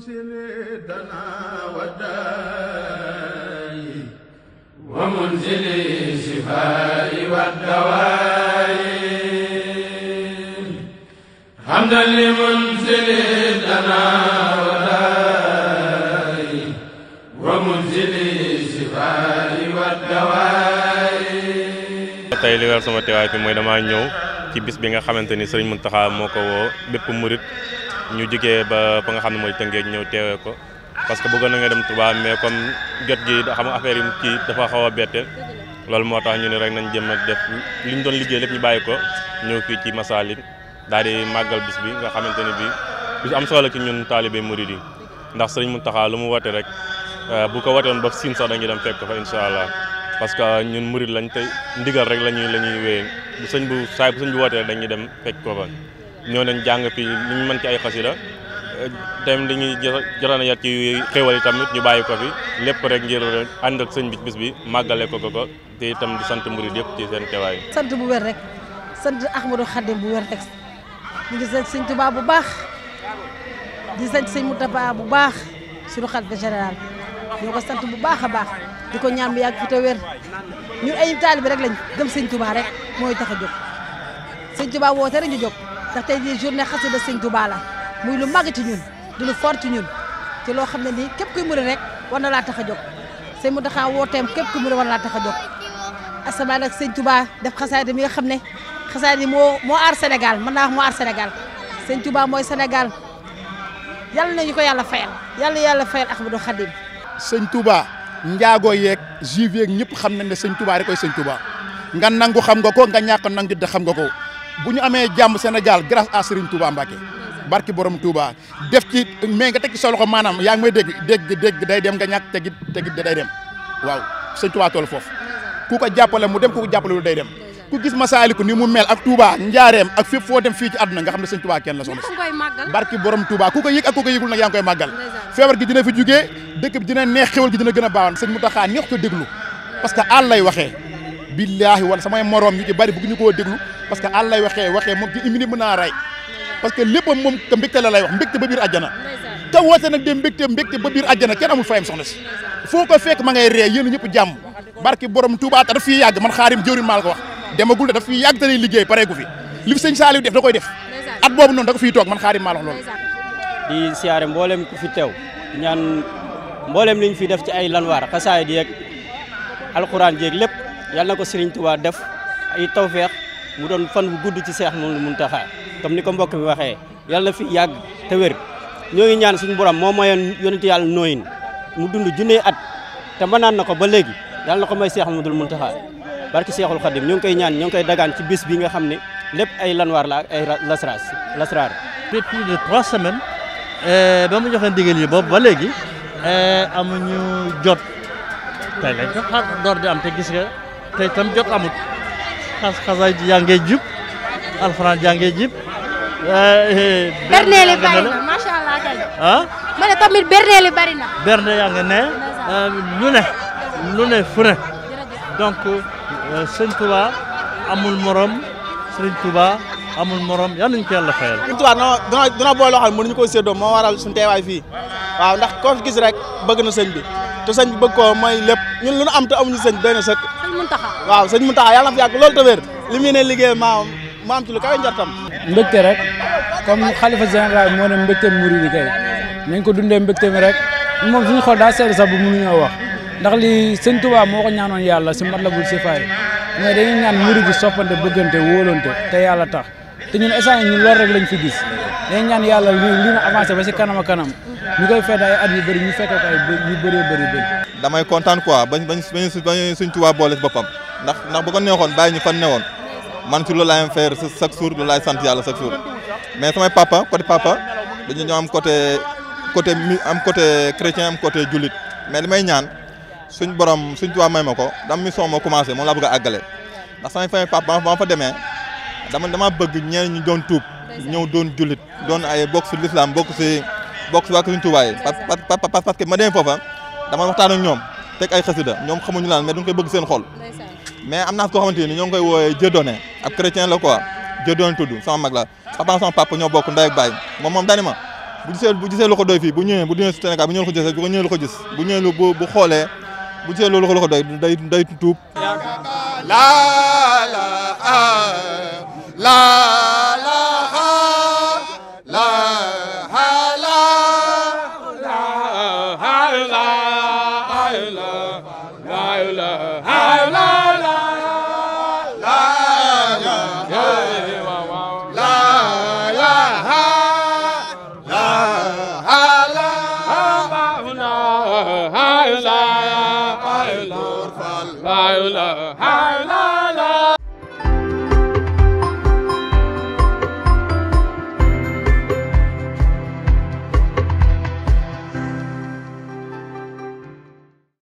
سيدنا وداي ومنزل الشفاء والدواء حمدا لمنزل لنا وداي ومنزل الشفاء والدواء tey li war sama teewaay bi mooy dama ñëw ci bis bi nga xamante ni Serigne Mountakha moo ko woo bépp murit ñu jógee ba fa nga xam ne mooy Tëngéej ñëw teewee ko parce que bëggoon na nga dem Touba mais comme jot gi xam nga affaire kii dafa xaw a bette loolu moo tax ñu ne rek nañ jëm a def li ñu doon liggéey lépp ñu bàyyi ko ñëw kii ci Masaalik daal di màggal bis bi nga xamante ne bii bis am solo ci ñun taalibe murid yi ndax mu Mountakha lu mu woote rek euh, bu ko woote woon ba siin sax dañuy dem fekk fa incha allah parce que ñun murid lañ tey ndigal rek la ñuy la ñuy wéyee bu sëñ bu saay bu sëñ bu wootee dañuy dem fekk ko fa. ñoo leen jàng fii li mën ci ay xasida tamit li ñuy jotoon a yar ci xéwal yi tamit ñu bàyyi ko fi lépp rek ngir ànd ak sëñ bi bis bi màggale ko ko ko itam di sant murid yëpp ci sant bu wér rek sant Ahmadou Khadim bu wér rek ñu ngi sant sëñ Tuubaa bu baax di sant sëñ Moustapha bu baax suñu xalifa général ñoo ko sant bu baax a baax di ko ñaan bu yàgg fi te wér ñun ay rek lañ gëm sëñ Tuubaa rek mooy tax a jóg sëñ woo woote rek ñu jóg. ndax tey jii journée xasida sëñ Touba la muy lu màgg ci ñun di lu fort ci ñun ci loo xam ne nii képp kuy murid rek war na laa tax a jóg sëñ Mountakha wooteem képp kuy murid war na laa tax a jóg asamaan ak sëñ Touba def xasaayid mi nga xam ne xasaayid yi moo moo aar Sénégal mën naa wax moo aar Sénégal sëñ Touba mooy Sénégal yal nañu ko yàlla fayal yàlla na yàlla fayal Ahmadou Khadim sëñ Touba njaago yeeg juif yeeg ñëpp xam nañ ne sëñ Touba rek koy sëñ Touba nga nangu xam nga ko nga ñàkk nangu it xam nga ko buñu amé jamm Sénégal grâce à Serigne Touba Mbacké barki borom Touba def ci mé nga tek ci sa loxo manam yaa ngi may dégg dégg dégg day dem nga ñak tegit tegit day dem waaw Serigne Touba tol foofu ku ko jàppale mu dem ku ko jàppale lu day dem ku gis masaliku ni mu mel ak Touba njaareem ak fepp fo dem fi ci aduna nga xamné Serigne Touba kenn la soxla barki borom Touba ku ko yëg ak ku ko yëgul nag yaa ngi koy màggal feebar gi dina fi juggé dëkk bi dina neex xewal gi dina gëna a baawan Serigne Mountakha neex ko déglu parce que allah lay waxé billahi wala samay morom ñu ci bari bëgg ñu ko déglu parce que allah waxee waxee mom ci imini mën ray parce que leppam mom te mbégte la lay wax mbégte ba bir aljana te woote nak de mbégte mbégte ba bir aljana kenn amul fayam soxna si foo ko fekk ma ngay ré yeen ñëpp jàmm barki borom touba ta daf fiy yàgg man xarim jëwrin mal ko wax demagul da fi yag yàgg te lay liggéey pareegu fi li seigne salih def da koy def at bobu non da ko fi tok man xarim mal wax lool di siaré mboolem ku fi tew ñaan mboolem liñ fi def ci ay lanwaar xassay di ak alcorane jéeg lépp yàlla na ko Sëriñ Tuubaa def ay tawfiq mu doon fan bu gudd ci Seex Mamadu Muntaxa comme ni ko mbokk mi waxee yàlla fi yàgg te wér ñoo ngi ñaan suñu borom moo mayoon yonent yàlla nooyin mu dund junne at te mënaan na ko ba léegi yàlla na ko may Seex Mamadu Muntaxa barki Seexul Xadim ñoo ngi koy ñaan ñoo ngi koy dagaan ci bis bi nga xam ne lépp ay lanwaar la ak ay lasraas lasraar depuis plus de trois semaines euh, ba mu joxe ndigal yi boobu ba léegi euh, amuñu jot tey lañ ko xaar ah, door di am te gis nga tey tam jot amut xas xasaay jàngee jub alxuraan jàngee eh, eh, berneel yi bari na allah kay. ah ma ne tamit berneel yi bari na. berne yaa ngi ne eh, lu ne lu ne fu ne donc sëñ Touba amul morom sëñ Touba amul morom yal ko yàlla moo waral suñu teewaay waaw ndax koo gis rek bëgg na sëñ bi te sëñ bi bëgg ko mooy lépp ñun lu am te amuñu sëñ doy sëkk. sëñ Mountakha. waaw sëñ Mountakha yàlla na fi yàgg loolu te wér li mu yéene liggéey maam maam ci lu kawe njortam. mbégte rek comme xalifa général moo ne mbégteem murid kay nañ ko dundee mbégteem rek moom suñu xool daa seetlu sax bu mënuñoo wax ndax li sëñ Touba moo ko ñaanoon yàlla si Matlabul Sifaay mais dañuy ñaan murid yi soppante bëggante wóolante te yàlla tax té ñun instant ñu loolu rek lañ fi gis né ñaan yalla li li na avancer ba ci kanam ak kanam ñu koy fête ay at yu bëri ñu fété ko ay yu bëree bëri bëri damay contane quoi bañ bañ bañ suñ tuba bolé si boppam ndax ndax bu ko neexon bay ñu fan neewon man ci loolu laay faire chaque jour loolu laay sante yalla chaque jour mais sama papa côté papa dañu ñu am côté côté am côté chrétien am côté julit mais limay ñaan suñ borom suñ tuba may mako dam mi somo commencé mo la bëgg agalé ndax sama famille papa ba fa démé dama dama bëgg ñeneen ñu doon tuup ñew doon julit doon ay bokk si l'islam bokk ci bokk si waa Sëriñ parce que ma demee foofa dama waxtaan ak ñom tek ay xasida ñoom xamuñu lan mais duñ koy bëgg seen xol mais amna ko xamanteni ñong koy woyé Dieudonné ab chrétien la quoi Dieudonné tuddu sama mag la papa sama papa ñoo bokk nday ak baye mom moom daani bu gisee bu gisee lu ko doy fi bu ñëwee bu ñëwee si Sénégal bu ñëwee lu ko gisee bu ñëwee lu gis bu ñëwee lu bu bu bu gisee loolu lu ko doy day day tuub la la ah. La